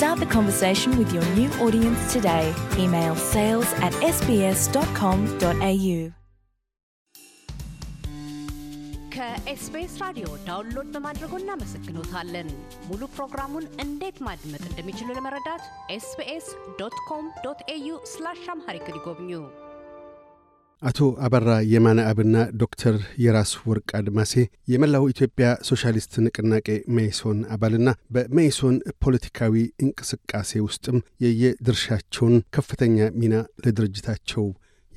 Start the conversation with your new audience today. Email sales at sbs.com.au. ከኤስቢኤስ ራዲዮ ዳውንሎድ በማድረጎ እናመሰግኖታለን። ሙሉ ፕሮግራሙን እንዴት ማድመጥ እንደሚችሉ ለመረዳት ኤስቢኤስ ዶት ኮም ዶት ኤዩ ስላሽ አምሃሪክ ይጎብኙ። አቶ አበራ የማነ አብና ዶክተር የራስ ወርቅ አድማሴ የመላው ኢትዮጵያ ሶሻሊስት ንቅናቄ መይሶን አባልና በመይሶን ፖለቲካዊ እንቅስቃሴ ውስጥም የየድርሻቸውን ከፍተኛ ሚና ለድርጅታቸው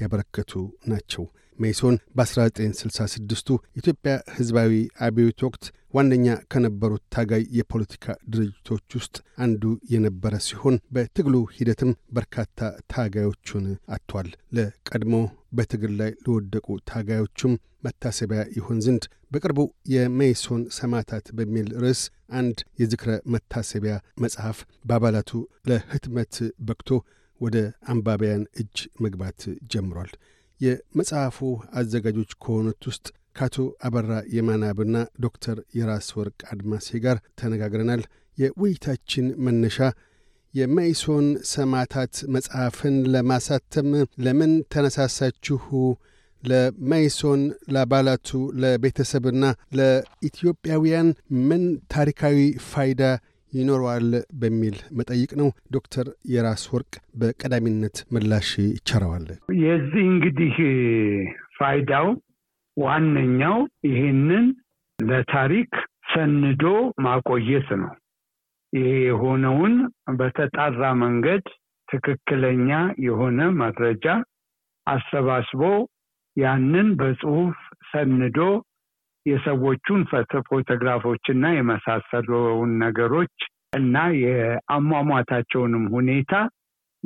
ያበረከቱ ናቸው። መይሶን በ1966ቱ ኢትዮጵያ ሕዝባዊ አብዮት ወቅት ዋነኛ ከነበሩት ታጋይ የፖለቲካ ድርጅቶች ውስጥ አንዱ የነበረ ሲሆን በትግሉ ሂደትም በርካታ ታጋዮቹን አጥቷል። ለቀድሞ በትግል ላይ ለወደቁ ታጋዮቹም መታሰቢያ ይሆን ዘንድ በቅርቡ የሜይሶን ሰማዕታት በሚል ርዕስ አንድ የዝክረ መታሰቢያ መጽሐፍ በአባላቱ ለህትመት በቅቶ ወደ አንባቢያን እጅ መግባት ጀምሯል። የመጽሐፉ አዘጋጆች ከሆኑት ውስጥ ከአቶ አበራ የማናብና ዶክተር የራስ ወርቅ አድማሴ ጋር ተነጋግረናል። የውይይታችን መነሻ የማይሶን ሰማዕታት መጽሐፍን ለማሳተም ለምን ተነሳሳችሁ? ለማይሶን ለአባላቱ፣ ለቤተሰብና ለኢትዮጵያውያን ምን ታሪካዊ ፋይዳ ይኖረዋል በሚል መጠይቅ ነው። ዶክተር የራስ ወርቅ በቀዳሚነት ምላሽ ይቸረዋል። የዚህ እንግዲህ ፋይዳው ዋነኛው ይሄንን ለታሪክ ሰንዶ ማቆየት ነው። ይሄ የሆነውን በተጣራ መንገድ ትክክለኛ የሆነ መረጃ አሰባስቦ ያንን በጽሁፍ ሰንዶ የሰዎቹን ፎቶግራፎችና የመሳሰሉውን ነገሮች እና የአሟሟታቸውንም ሁኔታ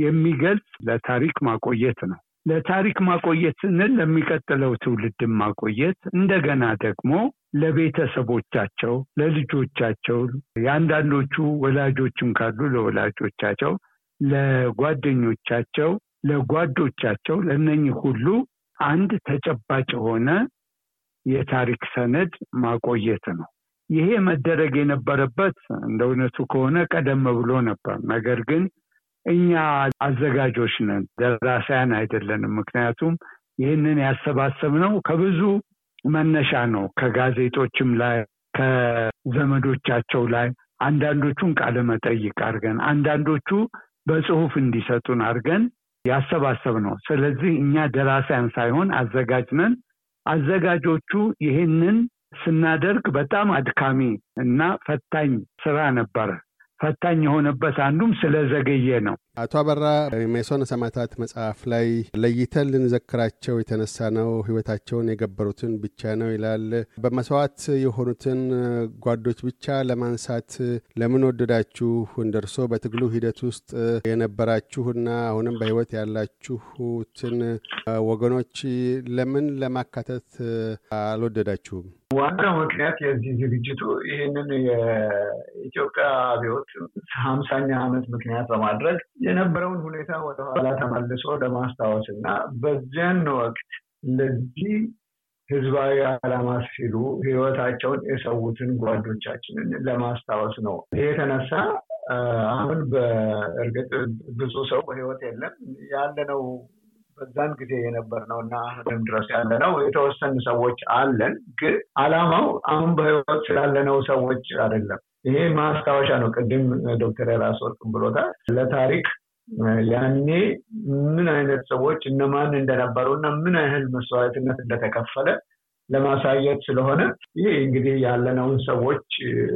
የሚገልጽ ለታሪክ ማቆየት ነው። ለታሪክ ማቆየት ስንል ለሚቀጥለው ትውልድ ማቆየት እንደገና ደግሞ ለቤተሰቦቻቸው፣ ለልጆቻቸው፣ የአንዳንዶቹ ወላጆችም ካሉ ለወላጆቻቸው፣ ለጓደኞቻቸው፣ ለጓዶቻቸው ለነኚህ ሁሉ አንድ ተጨባጭ የሆነ የታሪክ ሰነድ ማቆየት ነው። ይሄ መደረግ የነበረበት እንደ እውነቱ ከሆነ ቀደም ብሎ ነበር። ነገር ግን እኛ አዘጋጆች ነን፣ ደራሳያን አይደለንም። ምክንያቱም ይህንን ያሰባሰብ ነው ከብዙ መነሻ ነው። ከጋዜጦችም ላይ ከዘመዶቻቸው ላይ አንዳንዶቹን ቃለ መጠይቅ አድርገን አንዳንዶቹ በጽሁፍ እንዲሰጡን አድርገን ያሰባሰብ ነው። ስለዚህ እኛ ደራሳያን ሳይሆን አዘጋጅ ነን። አዘጋጆቹ ይህንን ስናደርግ በጣም አድካሚ እና ፈታኝ ስራ ነበረ። ፈታኝ የሆነበት አንዱም ስለዘገየ ነው። አቶ አበራ የሜሶን ሰማዕታት መጽሐፍ ላይ ለይተን ልንዘክራቸው የተነሳ ነው ህይወታቸውን የገበሩትን ብቻ ነው ይላል። በመስዋዕት የሆኑትን ጓዶች ብቻ ለማንሳት ለምን ወደዳችሁ? እንደርሶ በትግሉ ሂደት ውስጥ የነበራችሁና አሁንም በህይወት ያላችሁትን ወገኖች ለምን ለማካተት አልወደዳችሁም? ዋናው ምክንያት የዚህ ዝግጅቱ ይህንን የኢትዮጵያ አብዮት ሀምሳኛ ዓመት ምክንያት በማድረግ የነበረውን ሁኔታ ወደኋላ ተመልሶ ለማስታወስ እና በዚያን ወቅት ለዚህ ህዝባዊ ዓላማ ሲሉ ህይወታቸውን የሰዉትን ጓዶቻችንን ለማስታወስ ነው። የተነሳ አሁን በእርግጥ ብዙ ሰው በህይወት የለም ያለነው በዛን ጊዜ የነበር ነው እና አሁንም ድረስ ያለ ነው። የተወሰኑ ሰዎች አለን፣ ግን አላማው አሁን በህይወት ስላለነው ሰዎች አይደለም። ይሄ ማስታወሻ ነው። ቅድም ዶክተር የራስ ወርቅ ብሎታል። ለታሪክ ያኔ ምን አይነት ሰዎች እነማን እንደነበሩ እና ምን ያህል መስዋዕትነት እንደተከፈለ ለማሳየት ስለሆነ ይሄ እንግዲህ ያለነውን ሰዎች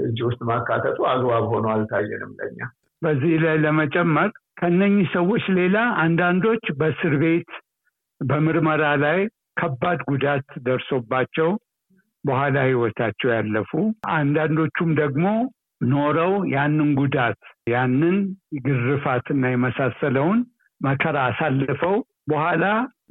እዚህ ውስጥ ማካተቱ አግባብ ሆኖ አልታየንም ለኛ። በዚህ ላይ ለመጨመር ከነኚህ ሰዎች ሌላ አንዳንዶች በእስር ቤት በምርመራ ላይ ከባድ ጉዳት ደርሶባቸው በኋላ ህይወታቸው ያለፉ፣ አንዳንዶቹም ደግሞ ኖረው ያንን ጉዳት ያንን እና የመሳሰለውን መከራ አሳልፈው በኋላ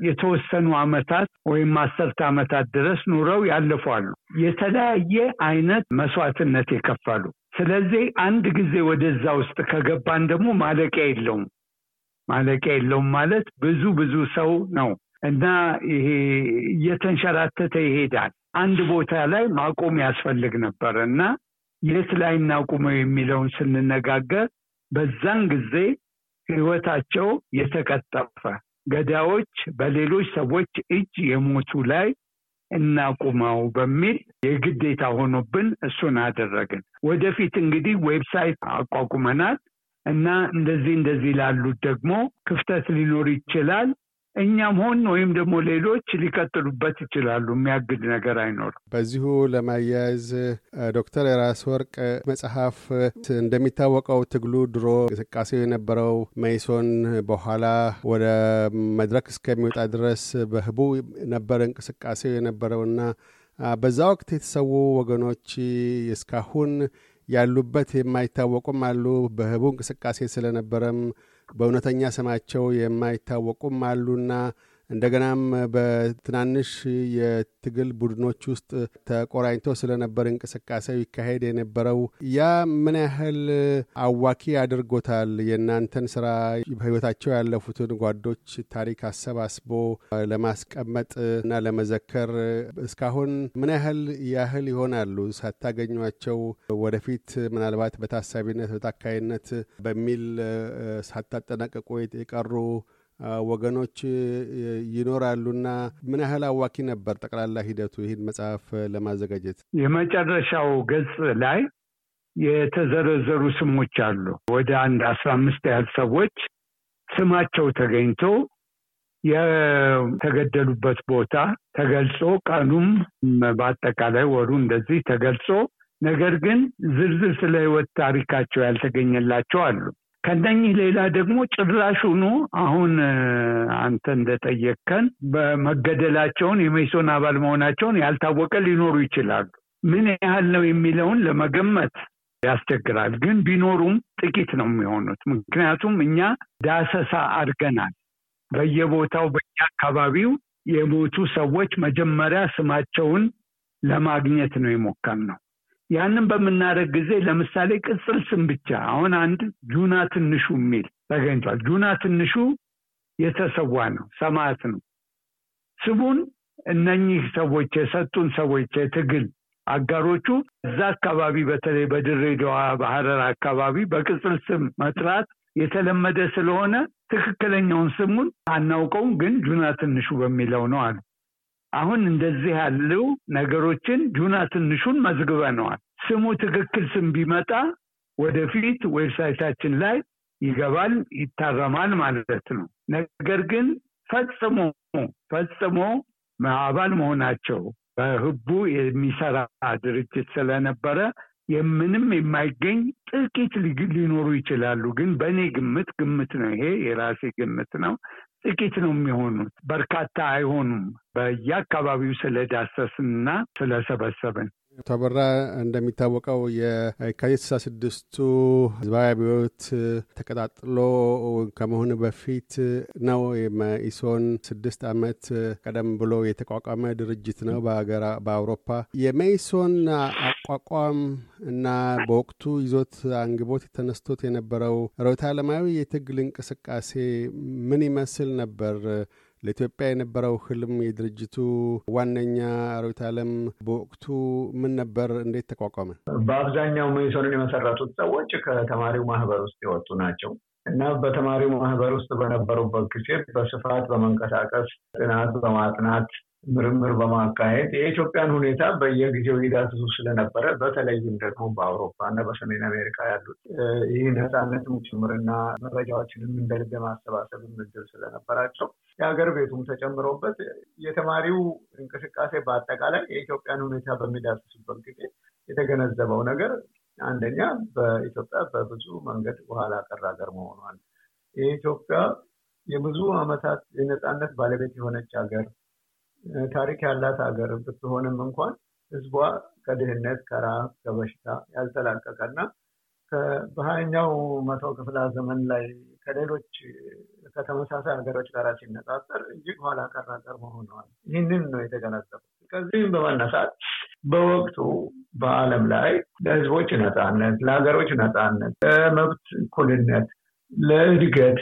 የተወሰኑ አመታት ወይም አስርተ አመታት ድረስ ኑረው ያልፏሉ። የተለያየ አይነት መስዋዕትነት የከፈሉ ስለዚህ አንድ ጊዜ ወደዛ ውስጥ ከገባን ደግሞ ማለቂያ የለውም። ማለቂያ የለውም ማለት ብዙ ብዙ ሰው ነው እና ይሄ እየተንሸራተተ ይሄዳል። አንድ ቦታ ላይ ማቆም ያስፈልግ ነበር እና የት ላይ እናቁመው የሚለውን ስንነጋገር በዛን ጊዜ ህይወታቸው የተቀጠፈ ገዳዎች በሌሎች ሰዎች እጅ የሞቱ ላይ እናቁመው በሚል የግዴታ ሆኖብን እሱን አደረግን። ወደፊት እንግዲህ ዌብሳይት አቋቁመናል እና እንደዚህ እንደዚህ ላሉት ደግሞ ክፍተት ሊኖር ይችላል እኛም ሆን ወይም ደግሞ ሌሎች ሊቀጥሉበት ይችላሉ። የሚያግድ ነገር አይኖርም። በዚሁ ለማያያዝ ዶክተር የራስ ወርቅ መጽሐፍ እንደሚታወቀው ትግሉ ድሮ እንቅስቃሴው የነበረው መይሶን በኋላ ወደ መድረክ እስከሚወጣ ድረስ በህቡ ነበር እንቅስቃሴው የነበረውና በዛ ወቅት የተሰዉ ወገኖች እስካሁን ያሉበት የማይታወቁም አሉ። በህቡ እንቅስቃሴ ስለነበረም በእውነተኛ ስማቸው የማይታወቁም አሉና እንደገናም በትናንሽ የትግል ቡድኖች ውስጥ ተቆራኝቶ ስለነበር እንቅስቃሴው ይካሄድ የነበረው ያ ምን ያህል አዋኪ አድርጎታል? የእናንተን ስራ በህይወታቸው ያለፉትን ጓዶች ታሪክ አሰባስቦ ለማስቀመጥ እና ለመዘከር እስካሁን ምን ያህል ያህል ይሆናሉ ሳታገኟቸው ወደፊት ምናልባት በታሳቢነት በታካይነት በሚል ሳታጠናቀቁ የቀሩ ወገኖች ይኖራሉና ምን ያህል አዋኪ ነበር ጠቅላላ ሂደቱ ይህን መጽሐፍ ለማዘጋጀት? የመጨረሻው ገጽ ላይ የተዘረዘሩ ስሞች አሉ። ወደ አንድ አስራ አምስት ያህል ሰዎች ስማቸው ተገኝቶ የተገደሉበት ቦታ ተገልጾ ቀኑም በአጠቃላይ ወሩ እንደዚህ ተገልጾ ነገር ግን ዝርዝር ስለ ህይወት ታሪካቸው ያልተገኘላቸው አሉ። ከነኚህ ሌላ ደግሞ ጭራሹኑ አሁን አንተ እንደጠየቅከን በመገደላቸውን የሜሶን አባል መሆናቸውን ያልታወቀ ሊኖሩ ይችላሉ። ምን ያህል ነው የሚለውን ለመገመት ያስቸግራል። ግን ቢኖሩም ጥቂት ነው የሚሆኑት። ምክንያቱም እኛ ዳሰሳ አድርገናል። በየቦታው አካባቢው የሞቱ ሰዎች መጀመሪያ ስማቸውን ለማግኘት ነው ነው። ያንን በምናደርግ ጊዜ ለምሳሌ ቅጽል ስም ብቻ አሁን አንድ ጁና ትንሹ የሚል ተገኝቷል። ጁና ትንሹ የተሰዋ ነው፣ ሰማት ነው። ስሙን እነኚህ ሰዎች የሰጡን ሰዎች የትግል አጋሮቹ እዛ አካባቢ በተለይ በድሬዳዋ ባህረር አካባቢ በቅጽል ስም መጥራት የተለመደ ስለሆነ ትክክለኛውን ስሙን አናውቀውም፣ ግን ጁና ትንሹ በሚለው ነው አሉ። አሁን እንደዚህ ያለው ነገሮችን ጁና ትንሹን መዝግበነዋል። ስሙ ትክክል ስም ቢመጣ ወደፊት ዌብሳይታችን ላይ ይገባል፣ ይታረማል ማለት ነው። ነገር ግን ፈጽሞ ፈጽሞ አባል መሆናቸው በህቡ የሚሰራ ድርጅት ስለነበረ የምንም የማይገኝ ጥቂት ሊኖሩ ይችላሉ። ግን በእኔ ግምት ግምት ነው፣ ይሄ የራሴ ግምት ነው። ጥቂት ነው የሚሆኑት፣ በርካታ አይሆኑም። በየአካባቢው ስለዳሰስንና ስለሰበሰብን ተበራ እንደሚታወቀው የካቲት ስልሳ ስድስቱ ህዝባዊ አብዮት ተቀጣጥሎ ከመሆኑ በፊት ነው። የመኢሶን ስድስት ዓመት ቀደም ብሎ የተቋቋመ ድርጅት ነው በአውሮፓ። የመኢሶን አቋቋም እና በወቅቱ ይዞት አንግቦት ተነስቶት የነበረው ርዕዮተ ዓለማዊ የትግል እንቅስቃሴ ምን ይመስል ነበር? ለኢትዮጵያ የነበረው ህልም የድርጅቱ ዋነኛ ሮት ዓለም በወቅቱ ምን ነበር? እንዴት ተቋቋመ? በአብዛኛው ሜሶንን የመሰረቱት ሰዎች ከተማሪው ማህበር ውስጥ የወጡ ናቸው እና በተማሪው ማህበር ውስጥ በነበሩበት ጊዜ በስፋት በመንቀሳቀስ ጥናት በማጥናት ምርምር በማካሄድ የኢትዮጵያን ሁኔታ በየጊዜው ይዳስሱ ስለነበረ በተለይም ደግሞ በአውሮፓ እና በሰሜን አሜሪካ ያሉት ይህ ነፃነትም ጭምርና መረጃዎችንም እንደልብ ማሰባሰብ ስለነበራቸው የሀገር ቤቱም ተጨምሮበት የተማሪው እንቅስቃሴ በአጠቃላይ የኢትዮጵያን ሁኔታ በሚዳስስበት ጊዜ የተገነዘበው ነገር አንደኛ በኢትዮጵያ በብዙ መንገድ በኋላ ቀር ሀገር መሆኗል። የኢትዮጵያ የብዙ ዓመታት የነፃነት ባለቤት የሆነች ሀገር ታሪክ ያላት ሀገር ብትሆንም እንኳን ህዝቧ ከድህነት፣ ከራብ ከበሽታ ያልተላቀቀ እና በሀያኛው መቶ ክፍለ ዘመን ላይ ከሌሎች ከተመሳሳይ ሀገሮች ጋር ሲነጻጸር እጅግ ኋላ ቀር ሀገር መሆነዋል። ይህንን ነው የተገነዘበው። ከዚህም በመነሳት በወቅቱ በዓለም ላይ ለህዝቦች ነፃነት፣ ለሀገሮች ነፃነት፣ ለመብት እኩልነት፣ ለእድገት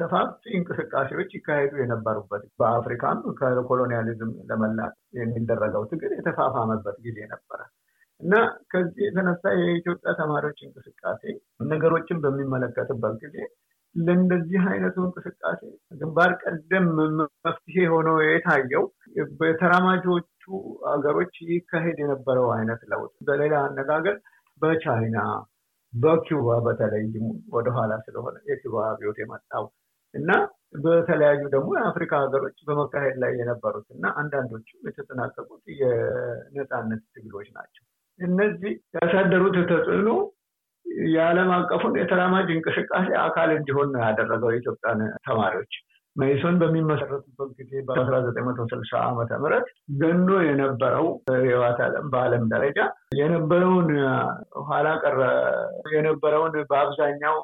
ሰፋፊ እንቅስቃሴዎች ይካሄዱ የነበሩበት በአፍሪካም ከኮሎኒያሊዝም ለመላቀቅ የሚደረገው ትግል የተፋፋመበት ጊዜ ነበረ። እና ከዚህ የተነሳ የኢትዮጵያ ተማሪዎች እንቅስቃሴ ነገሮችን በሚመለከትበት ጊዜ ለእንደዚህ አይነቱ እንቅስቃሴ ግንባር ቀደም መፍትሄ ሆኖ የታየው በተራማጆቹ ሀገሮች ይካሄድ የነበረው አይነት ለውጥ፣ በሌላ አነጋገር በቻይና በኪባ በተለይም ወደኋላ ስለሆነ የኪውባ አብዮት የመጣው እና በተለያዩ ደግሞ የአፍሪካ ሀገሮች በመካሄድ ላይ የነበሩት እና አንዳንዶቹም የተጠናቀቁት የነፃነት ትግሎች ናቸው። እነዚህ ያሳደሩት ተጽዕኖ የዓለም አቀፉን የተራማጅ እንቅስቃሴ አካል እንዲሆን ነው ያደረገው የኢትዮጵያን ተማሪዎች። መይሶን በሚመሰረቱበት ጊዜ በ1960 ዓመተ ምት ገኖ የነበረው የህዋት ዓለም በአለም ደረጃ የነበረውን ኋላ ቀረ የነበረውን በአብዛኛው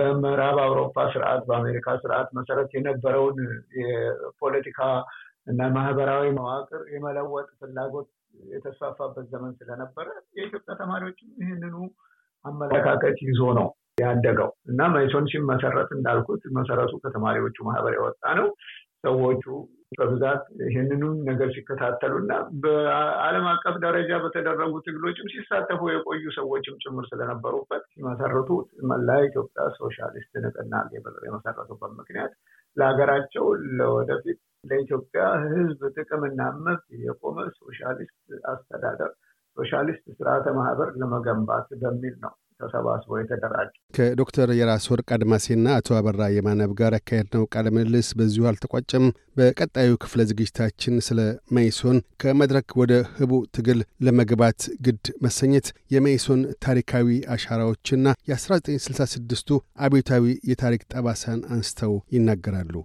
በምዕራብ አውሮፓ ስርዓት፣ በአሜሪካ ስርዓት መሰረት የነበረውን የፖለቲካ እና ማህበራዊ መዋቅር የመለወጥ ፍላጎት የተስፋፋበት ዘመን ስለነበረ የኢትዮጵያ ተማሪዎችም ይህንኑ አመለካከት ይዞ ነው ያደገው እና መይሶን ሲመሰረት እንዳልኩት መሰረቱ ከተማሪዎቹ ማህበር የወጣ ነው። ሰዎቹ በብዛት ይህንኑ ነገር ሲከታተሉ እና በአለም አቀፍ ደረጃ በተደረጉ ትግሎችም ሲሳተፉ የቆዩ ሰዎችም ጭምር ስለነበሩበት ሲመሰረቱ መላ ኢትዮጵያ ሶሻሊስት ንቅናቄ የመሰረቱበት ምክንያት ለሀገራቸው ለወደፊት ለኢትዮጵያ ህዝብ ጥቅምና መብት የቆመ ሶሻሊስት አስተዳደር ሶሻሊስት ስርዓተ ማህበር ለመገንባት በሚል ነው ተሰባስቦ የተደራጀ። ከዶክተር የራስ ወርቅ አድማሴና አቶ አበራ የማነብ ጋር ያካሄድነው ቃለ ምልልስ በዚሁ አልተቋጨም። በቀጣዩ ክፍለ ዝግጅታችን ስለ ማይሶን ከመድረክ ወደ ህቡ ትግል ለመግባት ግድ መሰኘት፣ የማይሶን ታሪካዊ አሻራዎችና የ1966ቱ አብዮታዊ የታሪክ ጠባሳን አንስተው ይናገራሉ።